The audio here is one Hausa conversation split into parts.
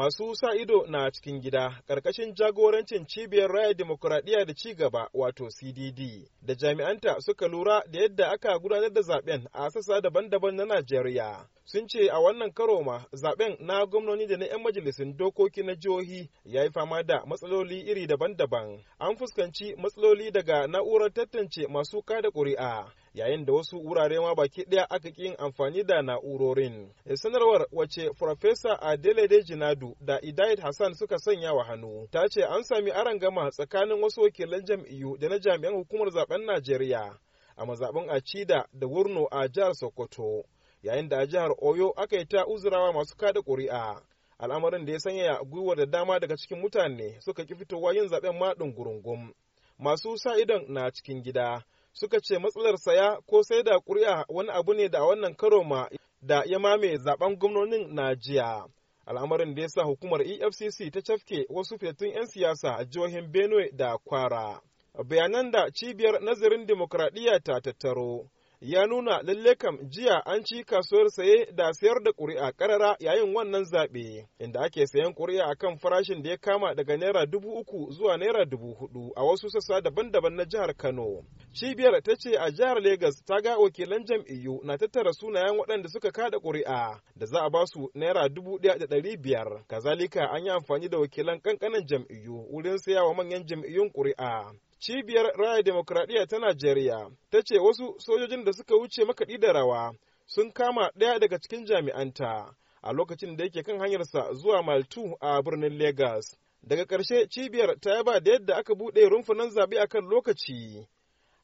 masu sa ido na cikin gida ƙarƙashin jagorancin cibiyar raya demokuraɗiyya da cigaba wato cdd da jami'anta suka lura da yadda aka gudanar da zaben a sassa daban-daban na najeriya sun ce a wannan karo ma zaben na gwamnoni da na 'yan majalisun dokoki na jihohi ya yi fama da matsaloli iri daban-daban an fuskanci matsaloli daga na'urar tantance masu kada ƙuri'a yayin da wasu wurare ma baki ɗaya aka ƙi yin amfani da na'urorin. Eh, sanarwar wace Farfesa Adelede Jinadu da Idayat Hassan suka sanya wa hannu ta ce an sami gama tsakanin wasu wakilan jam'iyyu da na jami'an hukumar zaben Najeriya a mazaɓin Acida da Wurno a jihar Sokoto yayin da a jihar Oyo aka yi ta uzurawa masu kada ƙuri'a. al'amarin da ya sanya gwiwar da dama daga cikin mutane suka ki fitowa yin zaben ma gurungum masu sa idon na cikin gida suka ce matsalar saya ko sai da ƙuri'a wani abu ne da wannan karo ma da ya mame zaben gwamnonin na jiya. Al'amarin da ya sa hukumar EFCC ta cafke wasu fetun 'yan siyasa a jihohin Benue da Kwara. Bayanan da cibiyar nazarin dimokuraɗiyya ta tattaro ya nuna lalle kam jiya an ci kasuwar saye da sayar da ƙuri'a ƙarara yayin wannan zaɓe inda ake sayan ƙuri'a a kan farashin da ya kama daga naira dubu uku zuwa naira dubu hudu a wasu sassa daban-daban na jihar Kano. Cibiyar ta ce a jihar Legas ta ga wakilan jam'iyyu na tattara sunayen waɗanda suka kada ƙuri'a da za a ba su naira dubu ɗaya da ɗari biyar. Kazalika an yi amfani da wakilan ƙanƙanan jam'iyyu wurin saya wa manyan jam'iyyun ƙuri'a. Cibiyar Raya Demokradiyya ta Najeriya ta ce wasu sojojin da suka wuce makaɗi da rawa sun kama ɗaya daga cikin jami'anta a lokacin da yake kan hanyarsa zuwa Maltu a birnin Legas. Daga ƙarshe cibiyar ta yaba da yadda aka buɗe rumfunan zaɓe a kan lokaci.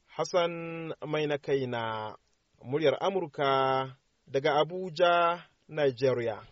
Hassan mai na na muryar Amurka daga Abuja, Nigeria.